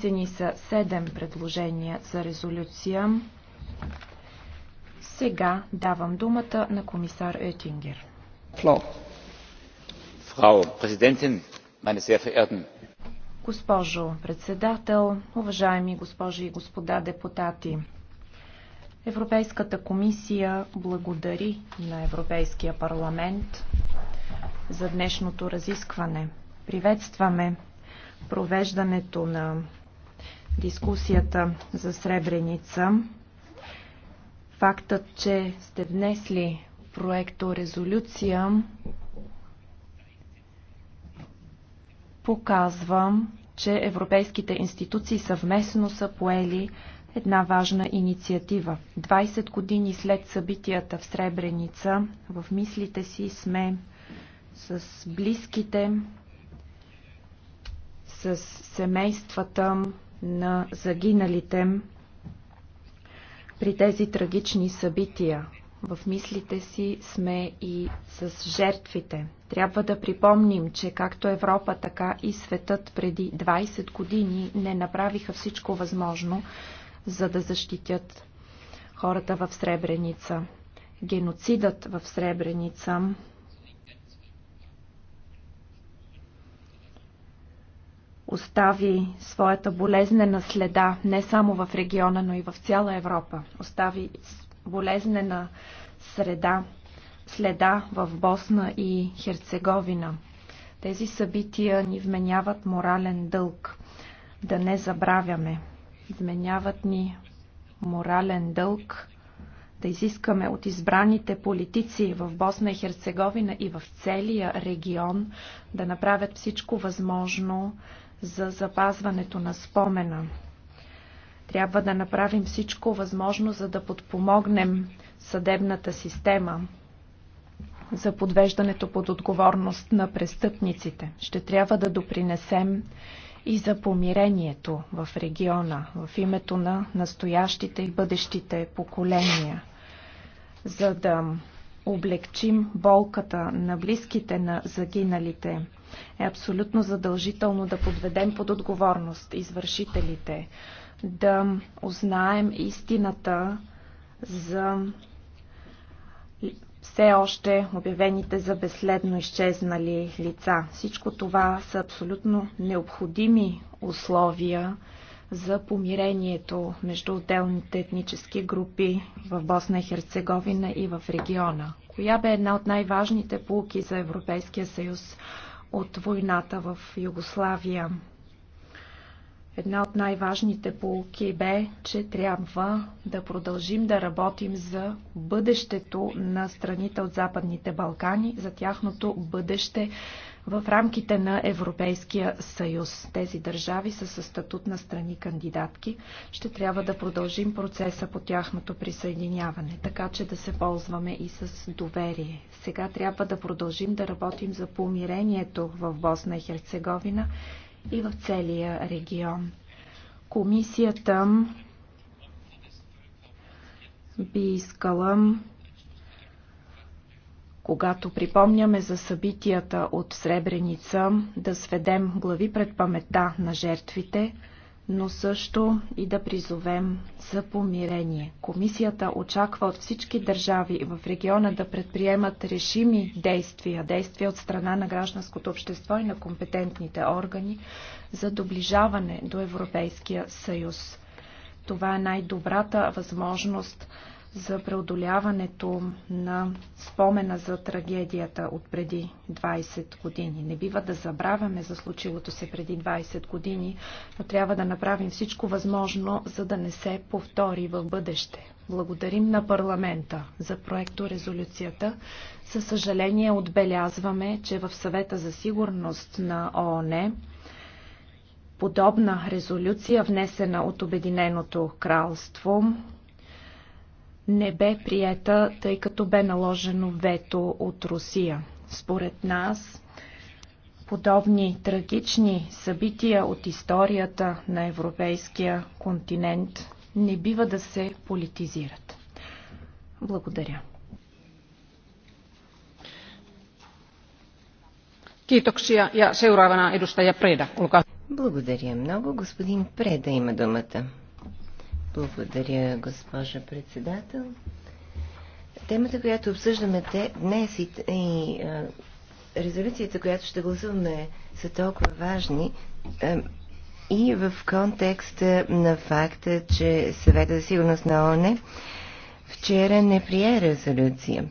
Внесени са 7 предложения за резолюция. Сега давам думата на комисар Етингер. Госпожо председател, уважаеми госпожи и господа депутати, Европейската комисия благодари на Европейския парламент за днешното разискване. Приветстваме провеждането на дискусията за Сребреница, фактът, че сте внесли проекто резолюция, показва, че европейските институции съвместно са поели една важна инициатива. 20 години след събитията в Сребреница, в мислите си сме с близките, с семействата, на загиналите при тези трагични събития. В мислите си сме и с жертвите. Трябва да припомним, че както Европа, така и светът преди 20 години не направиха всичко възможно, за да защитят хората в Сребреница. Геноцидът в Сребреница остави своята болезнена следа не само в региона, но и в цяла Европа. Остави болезнена среда, следа в Босна и Херцеговина. Тези събития ни вменяват морален дълг. Да не забравяме. Вменяват ни морален дълг да изискаме от избраните политици в Босна и Херцеговина и в целия регион да направят всичко възможно за запазването на спомена. Трябва да направим всичко възможно, за да подпомогнем съдебната система за подвеждането под отговорност на престъпниците. Ще трябва да допринесем и за помирението в региона, в името на настоящите и бъдещите поколения, за да облегчим болката на близките на загиналите, е абсолютно задължително да подведем под отговорност извършителите, да узнаем истината за все още обявените за безследно изчезнали лица. Всичко това са абсолютно необходими условия за помирението между отделните етнически групи в Босна и Херцеговина и в региона. Коя бе една от най-важните полуки за Европейския съюз от войната в Югославия? Една от най-важните полки бе, че трябва да продължим да работим за бъдещето на страните от Западните Балкани, за тяхното бъдеще в рамките на Европейския съюз. Тези държави са със статут на страни кандидатки. Ще трябва да продължим процеса по тяхното присъединяване, така че да се ползваме и с доверие. Сега трябва да продължим да работим за помирението в Босна и Херцеговина и в целия регион. Комисията би искала, когато припомняме за събитията от Сребреница, да сведем глави пред памета на жертвите, но също и да призовем за помирение. Комисията очаква от всички държави в региона да предприемат решими действия, действия от страна на гражданското общество и на компетентните органи за доближаване до Европейския съюз. Това е най-добрата възможност за преодоляването на спомена за трагедията от преди 20 години. Не бива да забравяме за случилото се преди 20 години, но трябва да направим всичко възможно, за да не се повтори в бъдеще. Благодарим на парламента за проекто резолюцията. Със съжаление отбелязваме, че в съвета за сигурност на ООН подобна резолюция, внесена от Обединеното кралство, не бе приета, тъй като бе наложено вето от Русия. Според нас, подобни трагични събития от историята на европейския континент не бива да се политизират. Благодаря. Kiitoksia ja seuraavana edustaja Preda. Olkaa. Благодаря много. Господин Преда има думата. Благодаря, госпожа председател. Темата, която обсъждаме те, днес и, и а, резолюцията, която ще гласуваме, са толкова важни а, и в контекста на факта, че съвета за сигурност на ОНЕ вчера не прие резолюция.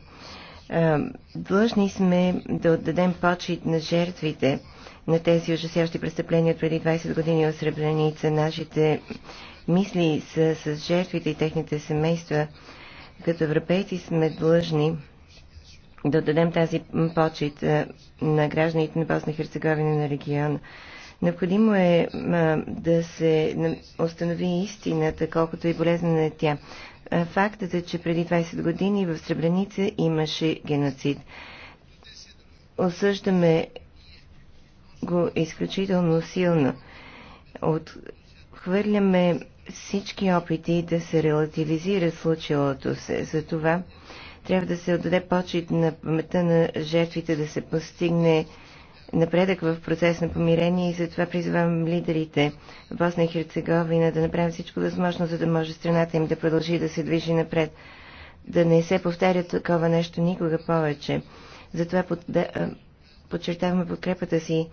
А, длъжни сме да отдадем почет на жертвите на тези ужасяващи престъпления от преди 20 години от Сребреница, нашите мисли с, с жертвите и техните семейства. Като европейци сме длъжни да дадем тази почет е, на гражданите на Босна и Херцеговина на региона. Необходимо е а, е, да се установи истината, колкото и болезна болезнена е тя. Е, фактът е, че преди 20 години в Сребреница имаше геноцид. Осъждаме го изключително силно. От отхвърляме всички опити да се релативизира случилото се. Затова трябва да се отдаде почет на паметта на жертвите да се постигне напредък в процес на помирение и затова призвам лидерите в Босна и Херцеговина да направят всичко възможно, за да може страната им да продължи да се движи напред. Да не се повтаря такова нещо никога повече. Затова под, да, подчертаваме подкрепата си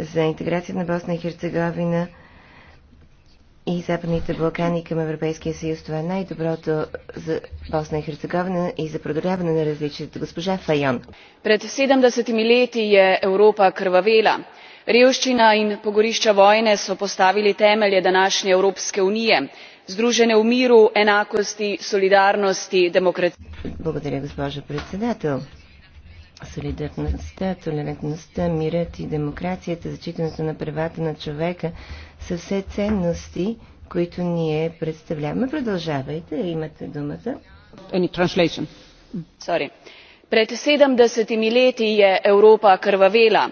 за интеграция на Босна и Херцеговина и Западните Балкани към Европейския съюз. Това е най-доброто за Босна и Херцеговина и за продоляване на различията. Госпожа Файон. Пред 70 лети е Европа крвавела. Revščina in pogorišča vojne so postavili temelje današnje Evropske unije, združene v miru, enakosti, solidarnosti, demokraciji. Благодаря, госпожо председател. Солидарността, толерантността, мирът и демокрацията, зачитането на правата на човека са все ценности, които ние представляваме. Продължавайте, имате думата. Any translation. Sorry. Пред 70 leti е Европа кървавела.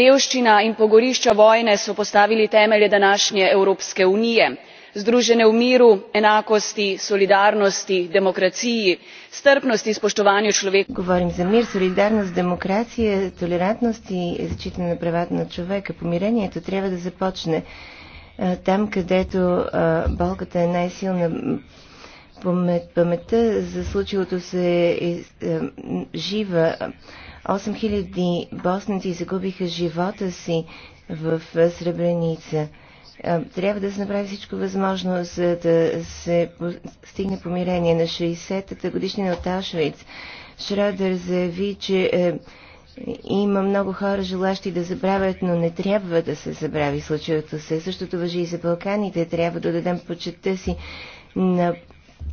Revščina in pogorišča vojne so postavili temelje današnje Evropske unije združene v miru enakosti solidarnosti demokraciji strpnosti spoštovanju človeka. govorim za mir solidarnost demokracija толерантност и зачитане на правата на човека. Помирението трябва да започне е, там, където е, болката е най-силна. Паметта за случилото се е, е жива. 8000 боснаци загубиха живота си в Сребреница. Трябва да се направи всичко възможно, за да се стигне помирение на 60-та годишнина от Аушвиц. Шрадър заяви, че е, има много хора, желащи да забравят, но не трябва да се забрави случилото се. Същото въжи и за Балканите. Трябва да дадем почета си на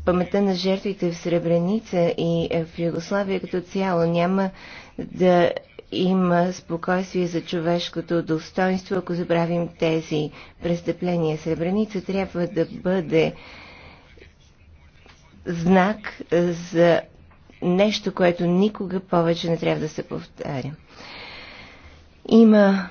паметта на жертвите в Сребреница и в Югославия като цяло. Няма да има спокойствие за човешкото достоинство, ако забравим тези престъпления. Сребреница трябва да бъде знак за нещо, което никога повече не трябва да се повтаря. Има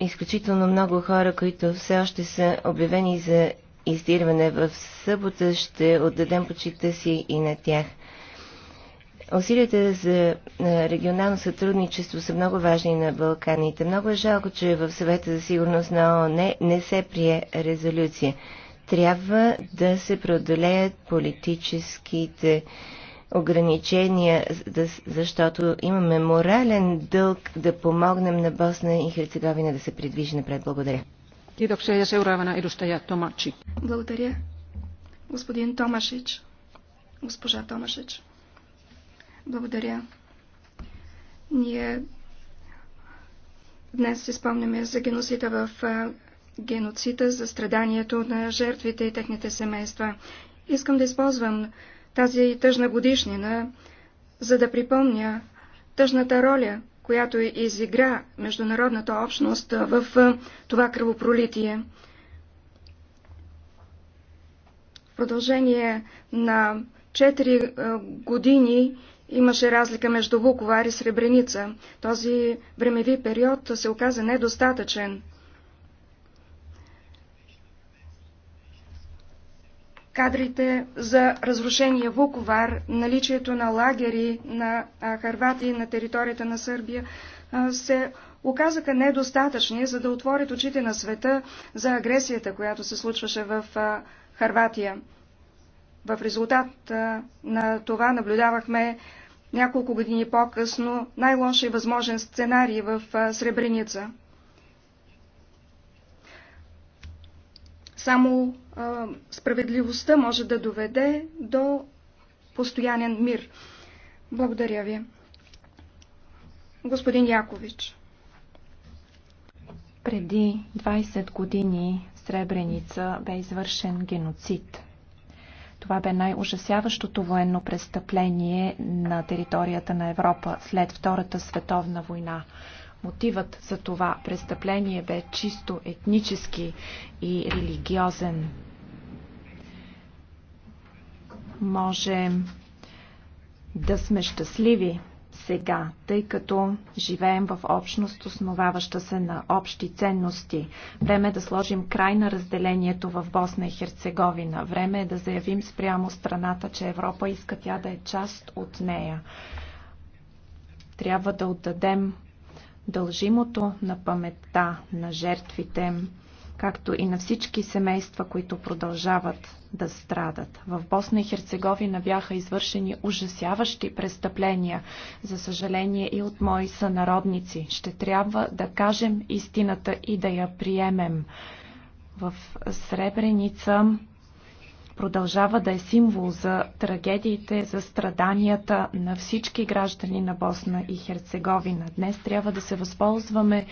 изключително много хора, които все още са обявени за издирване в събота. Ще отдадем почита си и на тях. Усилията за регионално сътрудничество са много важни на Балканите. Много е жалко, че в съвета за сигурност на ООН не, не се прие резолюция трябва да се преодолеят политическите ограничения, защото имаме морален дълг да помогнем на Босна и Херцеговина да се придвижи напред. Благодаря. Благодаря. Господин Томашич. Госпожа Томашич. Благодаря. Ние днес си спомняме за геносита в геноцида, за страданието на жертвите и техните семейства. Искам да използвам тази тъжна годишнина, за да припомня тъжната роля, която изигра международната общност в това кръвопролитие. В продължение на 4 години имаше разлика между Вуковар и Сребреница. Този времеви период се оказа недостатъчен. кадрите за разрушение Вуковар, наличието на лагери на Харватии на територията на Сърбия се оказаха недостатъчни, за да отворят очите на света за агресията, която се случваше в Харватия. В резултат на това наблюдавахме няколко години по-късно най-лошия възможен сценарий в Сребреница. Само а, справедливостта може да доведе до постоянен мир. Благодаря ви. Господин Якович. Преди 20 години в Сребреница бе извършен геноцид. Това бе най-ужасяващото военно престъпление на територията на Европа след Втората световна война. Мотивът за това престъпление бе чисто етнически и религиозен. Може да сме щастливи сега, тъй като живеем в общност, основаваща се на общи ценности. Време е да сложим край на разделението в Босна и Херцеговина. Време е да заявим спрямо страната, че Европа иска тя да е част от нея. Трябва да отдадем Дължимото на паметта на жертвите, както и на всички семейства, които продължават да страдат. В Босна и Херцеговина бяха извършени ужасяващи престъпления, за съжаление и от мои сънародници. Ще трябва да кажем истината и да я приемем. В Сребреница продължава да е символ за трагедиите, за страданията на всички граждани на Босна и Херцеговина. Днес трябва да се възползваме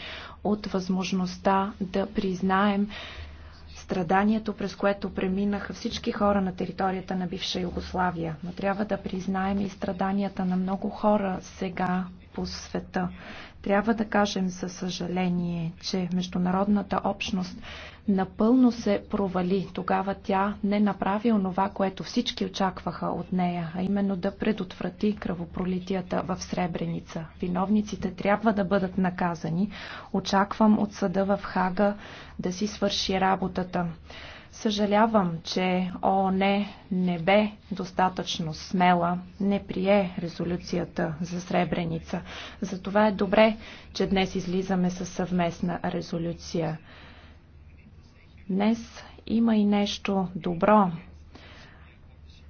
от възможността да признаем страданието, през което преминаха всички хора на територията на бивша Югославия. Но трябва да признаем и страданията на много хора сега по света. Трябва да кажем със съжаление, че международната общност напълно се провали. Тогава тя не направи онова, което всички очакваха от нея, а именно да предотврати кръвопролитията в Сребреница. Виновниците трябва да бъдат наказани. Очаквам от съда в Хага да си свърши работата. Съжалявам, че ООН не бе достатъчно смела, не прие резолюцията за Сребреница. Затова е добре, че днес излизаме със съвместна резолюция. Днес има и нещо добро.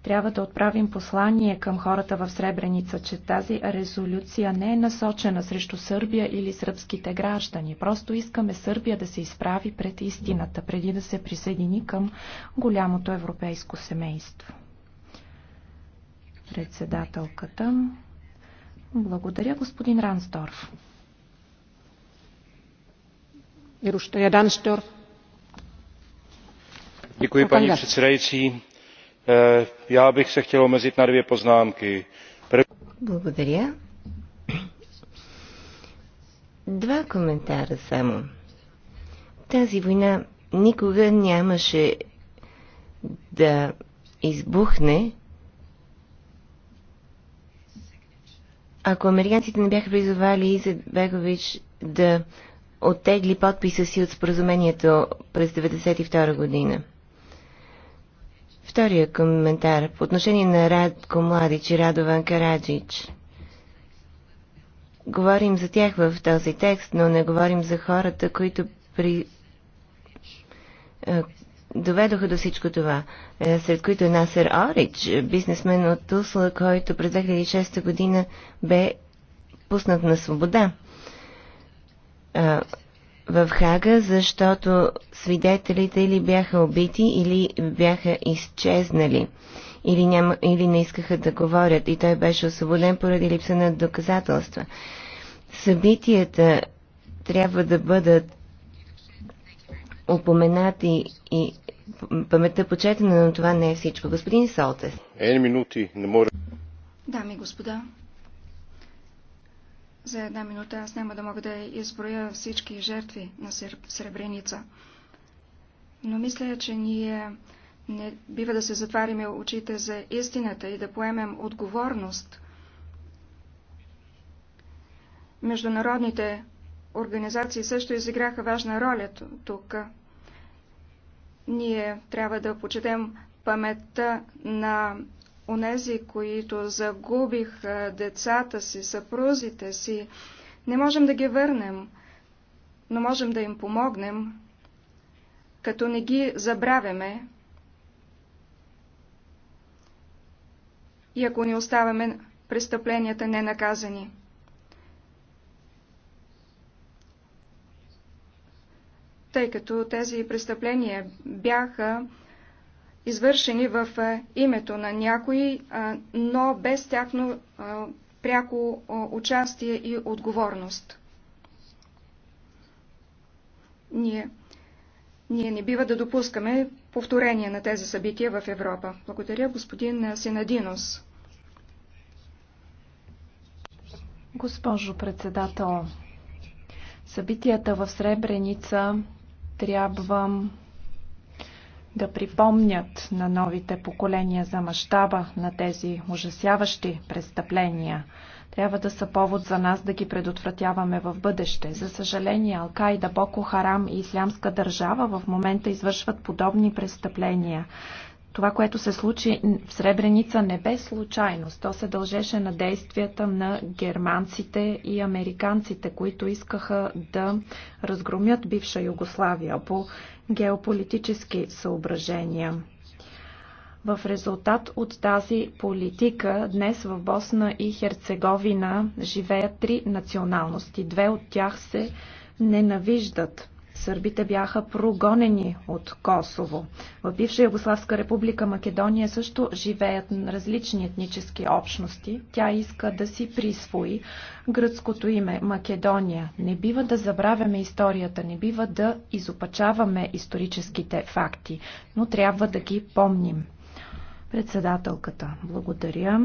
Трябва да отправим послание към хората в Сребреница, че тази резолюция не е насочена срещу Сърбия или сръбските граждани. Просто искаме Сърбия да се изправи пред истината, преди да се присъедини към голямото европейско семейство. Председателката. Благодаря, господин Штор. Děkuji, paní předsedající Eh, já bych se chtěl omezit na dvě poznámky. Благодаря. Два коментара само. Тази война никога нямаше да избухне, ако американците не бяха призовали Бегович да оттегли подписа си от споразумението през 1992 година. Втория коментар по отношение на Радко Младич и Радован Караджич. Говорим за тях в този текст, но не говорим за хората, които при... Е, доведоха до всичко това. Е, сред които е Насер Орич, бизнесмен от Тусла, който през 2006 година бе пуснат на свобода. Е, в Хага, защото свидетелите или бяха убити, или бяха изчезнали, или, няма, или не искаха да говорят и той беше освободен поради липса на доказателства. Събитията трябва да бъдат упоменати и паметта почетена, но това не е всичко. Господин Солтес. Е, минути, не може. Дами и господа, за една минута аз няма да мога да изброя всички жертви на Сребреница. Но мисля, че ние не бива да се затваряме очите за истината и да поемем отговорност. Международните организации също изиграха важна роля тук. Ние трябва да почетем паметта на онези, които загубиха децата си, съпрузите си, не можем да ги върнем, но можем да им помогнем, като не ги забравяме и ако не оставяме престъпленията ненаказани. Тъй като тези престъпления бяха извършени в е, името на някои, е, но без тяхно е, пряко участие и отговорност. Ние, ние не бива да допускаме повторение на тези събития в Европа. Благодаря, господин Синадинос. Госпожо председател, събитията в Сребреница трябва да припомнят на новите поколения за мащаба на тези ужасяващи престъпления. Трябва да са повод за нас да ги предотвратяваме в бъдеще. За съжаление, Алкайда, Боко Харам и Ислямска държава в момента извършват подобни престъпления. Това, което се случи в Сребреница, не бе случайност. То се дължеше на действията на германците и американците, които искаха да разгромят бивша Югославия по геополитически съображения. В резултат от тази политика днес в Босна и Херцеговина живеят три националности. Две от тях се ненавиждат сърбите бяха прогонени от Косово. В бивша Югославска република Македония също живеят различни етнически общности. Тя иска да си присвои гръцкото име Македония. Не бива да забравяме историята, не бива да изопачаваме историческите факти, но трябва да ги помним. Председателката, благодаря.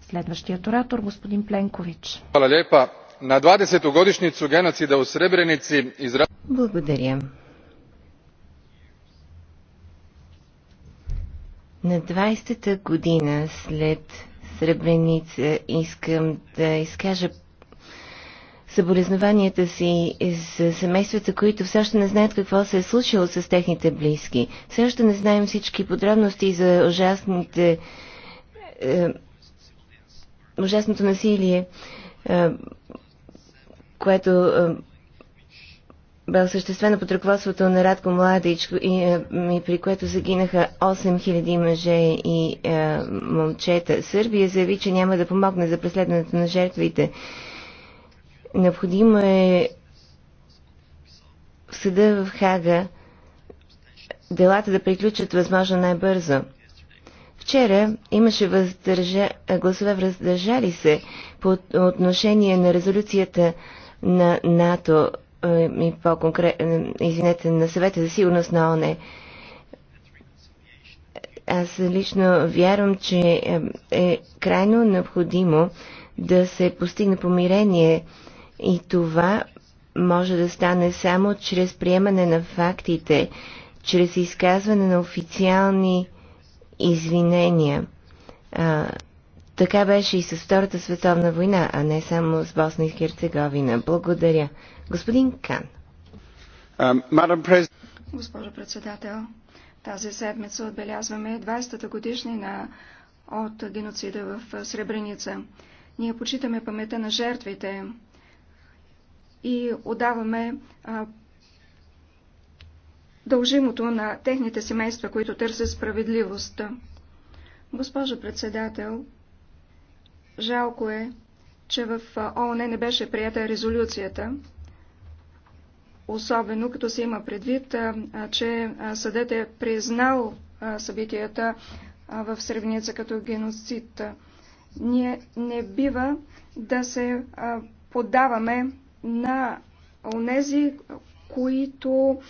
Следващият оратор, господин Пленкович. Hvala na dvadeset godinjicu genocida u srebrenici Благодаря. На 20-та година след Сребреница искам да изкажа съболезнованията си за семействата, които все още не знаят какво се е случило с техните близки. Все още не знаем всички подробности за ужасните е, ужасното насилие, е, което е, бе осъществено под ръководството на Радко Младич и, е, и при което загинаха 8000 мъже и а, е, момчета. Сърбия заяви, че няма да помогне за преследването на жертвите. Необходимо е в съда в Хага делата да приключат възможно най-бързо. Вчера имаше въздържа... гласове въздържали се по отношение на резолюцията на НАТО и по-конкретно, извинете, на съвета за сигурност на ОНЕ. Аз лично вярвам, че е крайно необходимо да се постигне помирение и това може да стане само чрез приемане на фактите, чрез изказване на официални извинения. Така беше и с Втората световна война, а не само с Босна и Херцеговина. Благодаря. Господин Кан. Um, Госпожо председател, тази седмица отбелязваме 20-та годишнина от геноцида в Сребреница. Ние почитаме памета на жертвите и отдаваме а, дължимото на техните семейства, които търсят справедливост. Госпожо председател, Жалко е, че в ООН не беше прията резолюцията, особено като се има предвид, че съдът е признал събитията в Сребреница като геноцид. Ние не бива да се поддаваме на онези, които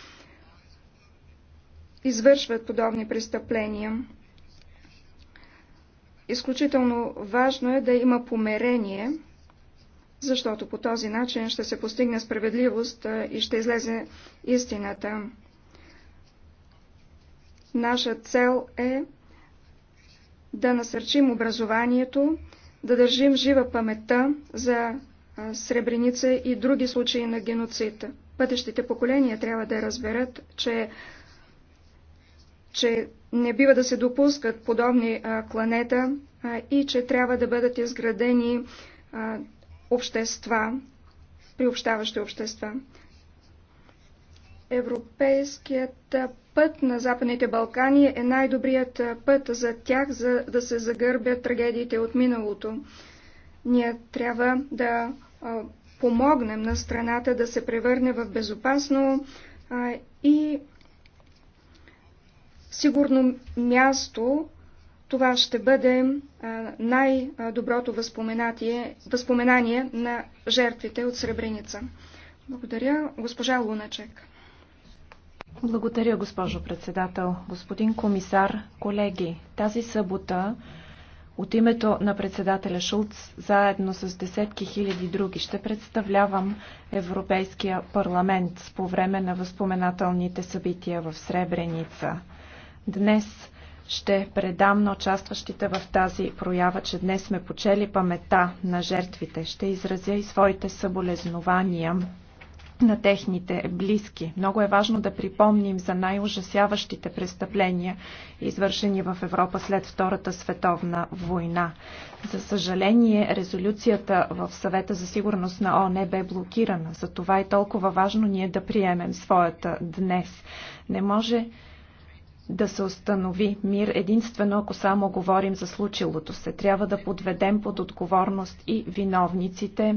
извършват подобни престъпления. Изключително важно е да има померение, защото по този начин ще се постигне справедливост и ще излезе истината. Наша цел е да насърчим образованието, да държим жива паметта за Сребреница и други случаи на геноцид. Пътещите поколения трябва да разберат, че че не бива да се допускат подобни кланета и че трябва да бъдат изградени общества, приобщаващи общества. Европейският път на Западните Балкани е най-добрият път за тях, за да се загърбят трагедиите от миналото. Ние трябва да помогнем на страната да се превърне в безопасно и сигурно място, това ще бъде най-доброто възпоменание на жертвите от Сребреница. Благодаря, госпожа Луначек. Благодаря, госпожо председател. Господин комисар, колеги, тази събота от името на председателя Шулц, заедно с десетки хиляди други, ще представлявам Европейския парламент по време на възпоменателните събития в Сребреница – Днес ще предам на участващите в тази проява, че днес сме почели памета на жертвите. Ще изразя и своите съболезнования на техните близки. Много е важно да припомним за най-ужасяващите престъпления, извършени в Европа след Втората световна война. За съжаление, резолюцията в съвета за сигурност на ОНЕ бе блокирана. За това е толкова важно ние да приемем своята днес. Не може да се установи мир единствено ако само говорим за случилото се. Трябва да подведем под отговорност и виновниците,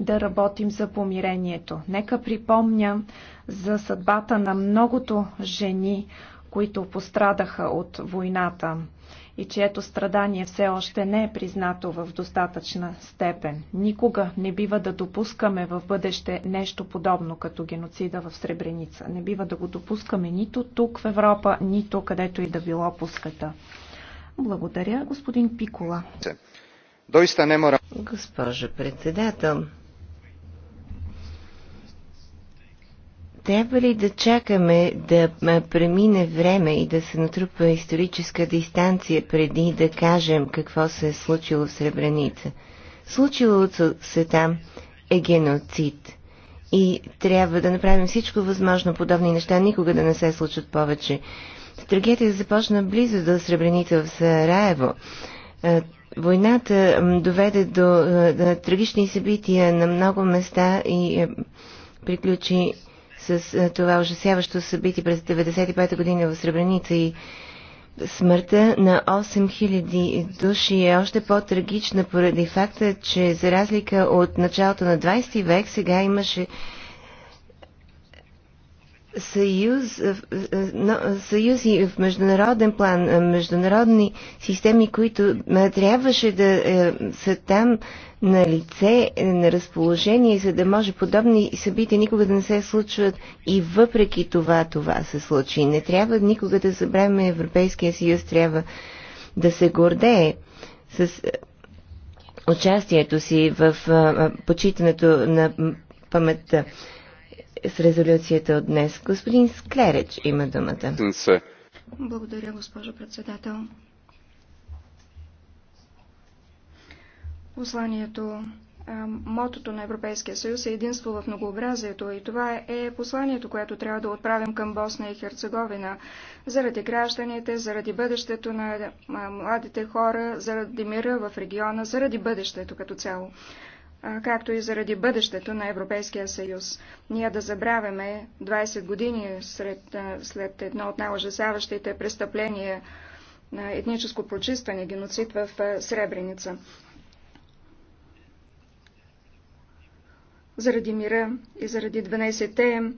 да работим за помирението. Нека припомня за съдбата на многото жени, които пострадаха от войната и чието страдание все още не е признато в достатъчна степен. Никога не бива да допускаме в бъдеще нещо подобно като геноцида в Сребреница. Не бива да го допускаме нито тук в Европа, нито където и да било по света. Благодаря, господин Пикола. Госпожа председател, трябва ли да чакаме да премине време и да се натрупа историческа дистанция преди да кажем какво се е случило в Сребреница? Случилото се там е геноцид. И трябва да направим всичко възможно подобни неща никога да не се случат повече. Трагедия започна близо до Сребреница в Сараево. Войната доведе до трагични събития на много места и приключи с е, това ужасяващо събитие през 95-та година в Сребреница и смъртта на 8000 души е още по-трагична поради факта, че за разлика от началото на 20 век сега имаше съюз, е, е, съюзи в международен план, международни системи, които трябваше да са там на лице, на разположение, за да може подобни събития никога да не се случват и въпреки това това се случи. Не трябва никога да забравяме Европейския съюз, трябва да се гордее с е, участието си в е, е, почитането на паметта с резолюцията от днес. Господин Склереч има думата. Благодаря, госпожо председател. Посланието, мотото на Европейския съюз е единство в многообразието и това е посланието, което трябва да отправим към Босна и Херцеговина заради гражданите, заради бъдещето на младите хора, заради мира в региона, заради бъдещето като цяло както и заради бъдещето на Европейския съюз. Ние да забравяме 20 години сред, след едно от най-ужасяващите престъпления на етническо прочистване, геноцид в Сребреница. заради мира и заради 12-те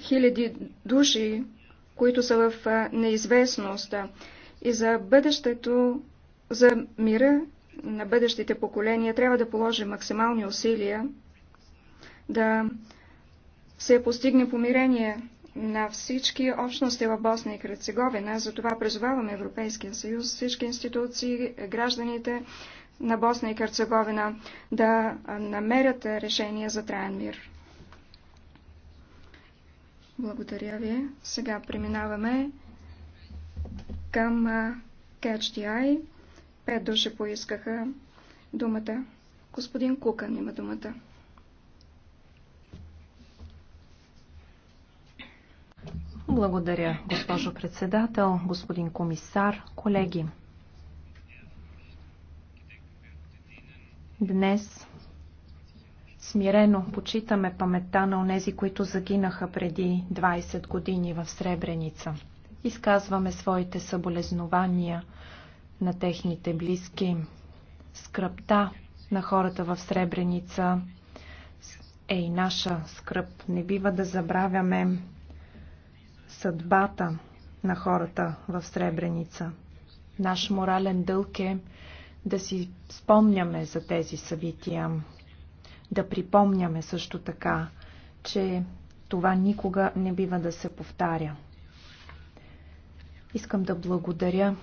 хиляди души, които са в неизвестност и за бъдещето, за мира на бъдещите поколения трябва да положи максимални усилия да се постигне помирение на всички общности в Босна и Херцеговина. Затова призоваваме Европейския съюз, всички институции, гражданите на Босна и Карцеговина да намерят решение за траен мир. Благодаря ви. Сега преминаваме към CatchDI. Пет души поискаха думата. Господин Кукан има думата. Благодаря, госпожо председател, господин комисар, колеги. Днес смирено почитаме паметта на онези, които загинаха преди 20 години в Сребреница. Изказваме своите съболезнования на техните близки. Скръпта на хората в Сребреница е и наша скръп. Не бива да забравяме съдбата на хората в Сребреница. Наш морален дълг е да си спомняме за тези събития, да припомняме също така, че това никога не бива да се повтаря. Искам да благодаря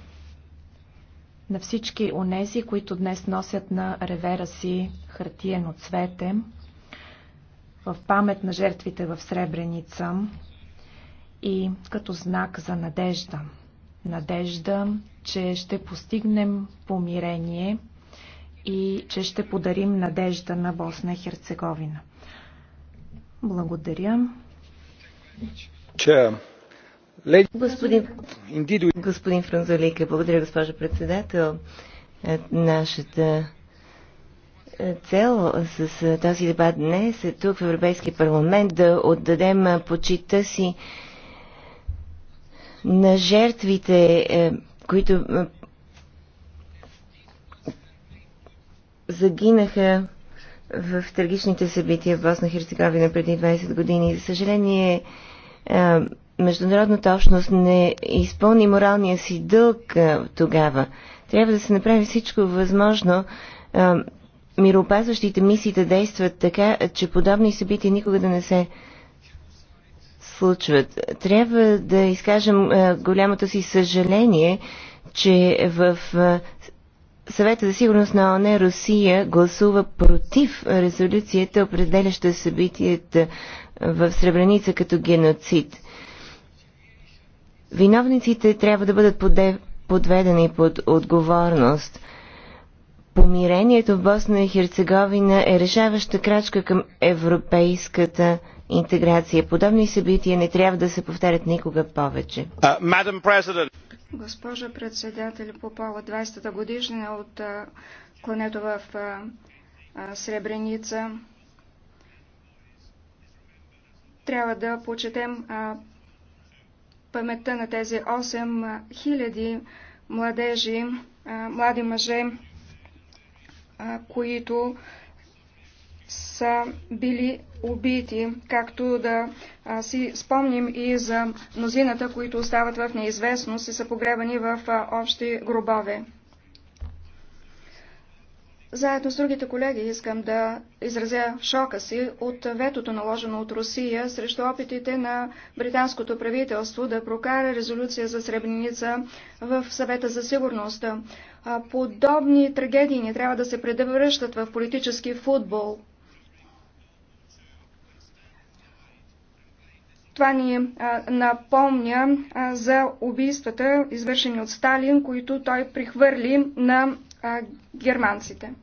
на всички онези, които днес носят на ревера си хартиено цвете в памет на жертвите в Сребреница и като знак за надежда надежда, че ще постигнем помирение и че ще подарим надежда на Босна и Херцеговина. Благодаря. Господин, господин Франзолика, благодаря, госпожа председател. Е, нашата е, цел с е, този дебат днес е тук в Европейския парламент да отдадем почита си на жертвите, е, които е, загинаха в трагичните събития в Босна Херцеговина преди 20 години. За съжаление, е, международната общност не изпълни моралния си дълг тогава. Трябва да се направи всичко възможно мироопазващите мисии да действат така, че подобни събития никога да не се случват. Трябва да изкажем е, голямото си съжаление, че в е, съвета за сигурност на ОНЕ Русия гласува против резолюцията, определяща събитията в Сребреница като геноцид. Виновниците трябва да бъдат подведени под отговорност – Помирението в Босна и Херцеговина е решаваща крачка към европейската интеграция. Подобни събития не трябва да се повтарят никога повече. Uh, Госпожа председател, по повод 20-та годишна от а, клането в Сребреница, трябва да почетем а, паметта на тези 8 хиляди младежи, а, млади мъже, които са били убити, както да си спомним и за мнозината, които остават в неизвестност и са погребани в общи гробове. Заедно с другите колеги искам да изразя шока си от ветото наложено от Русия срещу опитите на британското правителство да прокара резолюция за Сребреница в съвета за сигурност подобни трагедии не трябва да се предвръщат в политически футбол. Това ни а, напомня а, за убийствата, извършени от Сталин, които той прихвърли на а, германците.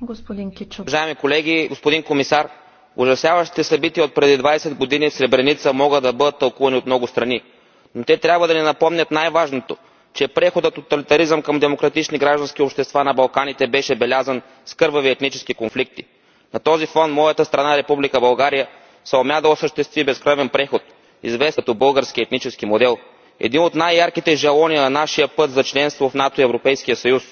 Господин Кичо. Уважаеми колеги, господин комисар, ужасяващите събития от преди 20 години в Сребреница могат да бъдат тълкувани от много страни но те трябва да ни напомнят най важното че преходът от тоталитаризъм към демократични граждански общества на балканите беше белязан с кървави етнически конфликти. на този фон моята страна република българия умя да осъществи безкръвен преход известен като български етнически модел един от най ярките жалони на нашия път за членство в нато и европейския съюз.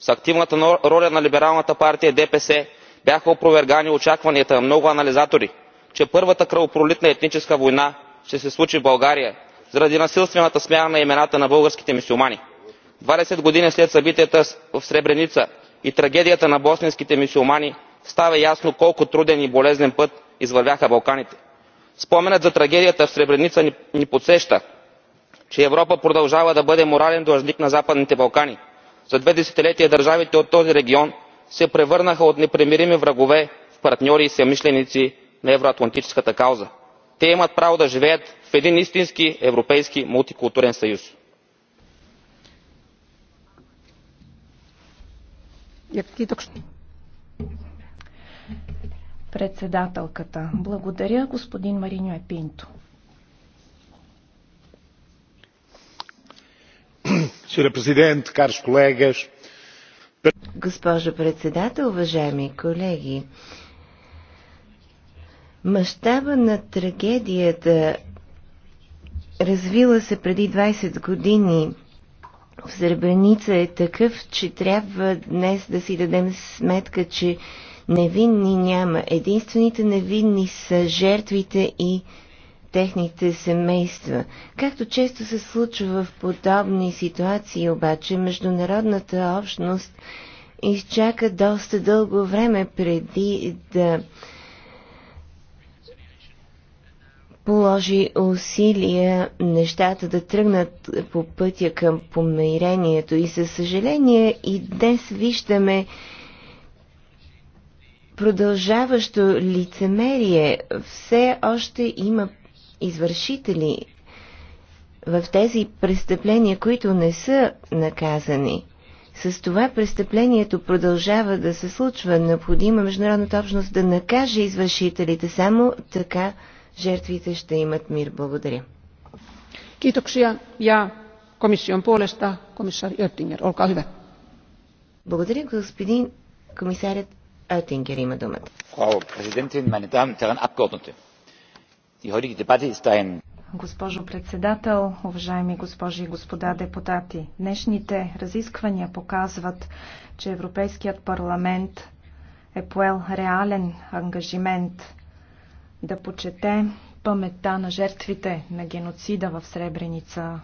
с активната роля на либералната партия дпс бяха опровергани очакванията на много анализатори че първата кръвопролитна етническа война ще се случи в българия заради насилствената смяна на имената на българските мюсюлмани. двадесет години след събитията в сребреница и трагедията на босненските мюсюлмани става ясно колко труден и болезнен път извървяха балканите. споменът за трагедията в сребреница ни подсеща че европа продължава да бъде морален длъжник на западните балкани. за две десетилетия държавите от този регион се превърнаха от непримирими врагове в партньори и съмишленици на евроатлантическата кауза те имат право да живеят в един истински европейски мултикултурен съюз. Председателката. Благодаря, господин Мариньо Епинто. Госпожо председател, уважаеми колеги, Мащаба на трагедията, развила се преди 20 години в Сребреница е такъв, че трябва днес да си дадем сметка, че невинни няма. Единствените невинни са жертвите и техните семейства. Както често се случва в подобни ситуации, обаче, международната общност изчака доста дълго време преди да положи усилия нещата да тръгнат по пътя към помирението. И със съжаление и днес виждаме продължаващо лицемерие. Все още има извършители в тези престъпления, които не са наказани. С това престъплението продължава да се случва. Необходима международната общност да накаже извършителите. Само така жертвите ще имат мир. Благодаря. Kiitoksia ja komission puolesta komissaari Oettinger, olkaa hyvä. Благодаря, господин комисарят Oettinger има думата. Frau Präsidentin, meine Damen und Herren Abgeordnete. Die heutige Debatte ist ein Госпожо председател, уважаеми госпожи и господа депутати, днешните разисквания показват, че Европейският парламент е поел реален ангажимент да почете паметта на жертвите на геноцида в Сребреница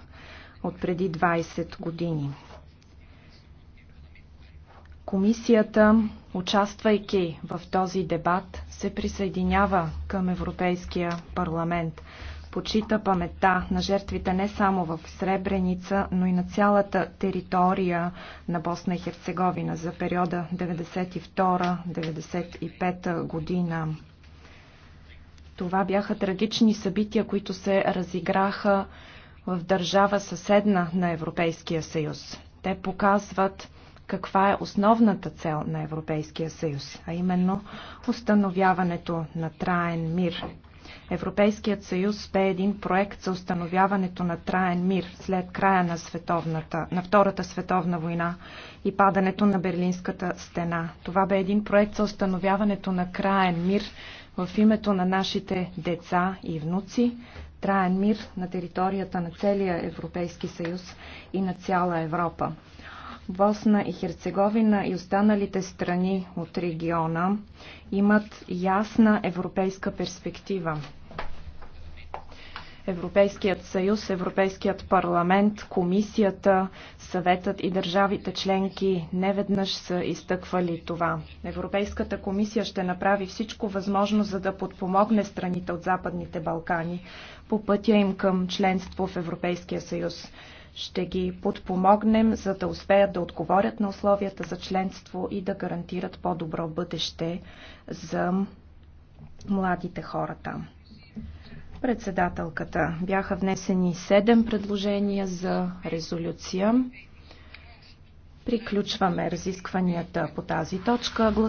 от преди 20 години. Комисията, участвайки в този дебат, се присъединява към Европейския парламент. Почита паметта на жертвите не само в Сребреница, но и на цялата територия на Босна и Херцеговина за периода 92-95 година. Това бяха трагични събития, които се разиграха в държава съседна на Европейския съюз. Те показват каква е основната цел на Европейския съюз, а именно установяването на траен мир Европейският съюз бе един проект за установяването на траен мир след края на, световната, на Втората световна война и падането на Берлинската стена. Това бе един проект за установяването на краен мир в името на нашите деца и внуци, траен мир на територията на целия Европейски съюз и на цяла Европа. Босна и Херцеговина и останалите страни от региона имат ясна европейска перспектива. Европейският съюз, Европейският парламент, комисията, съветът и държавите членки неведнъж са изтъквали това. Европейската комисия ще направи всичко възможно, за да подпомогне страните от Западните Балкани по пътя им към членство в Европейския съюз. Ще ги подпомогнем, за да успеят да отговорят на условията за членство и да гарантират по-добро бъдеще за младите хора там. Председателката бяха внесени 7 предложения за резолюция. Приключваме разискванията по тази точка.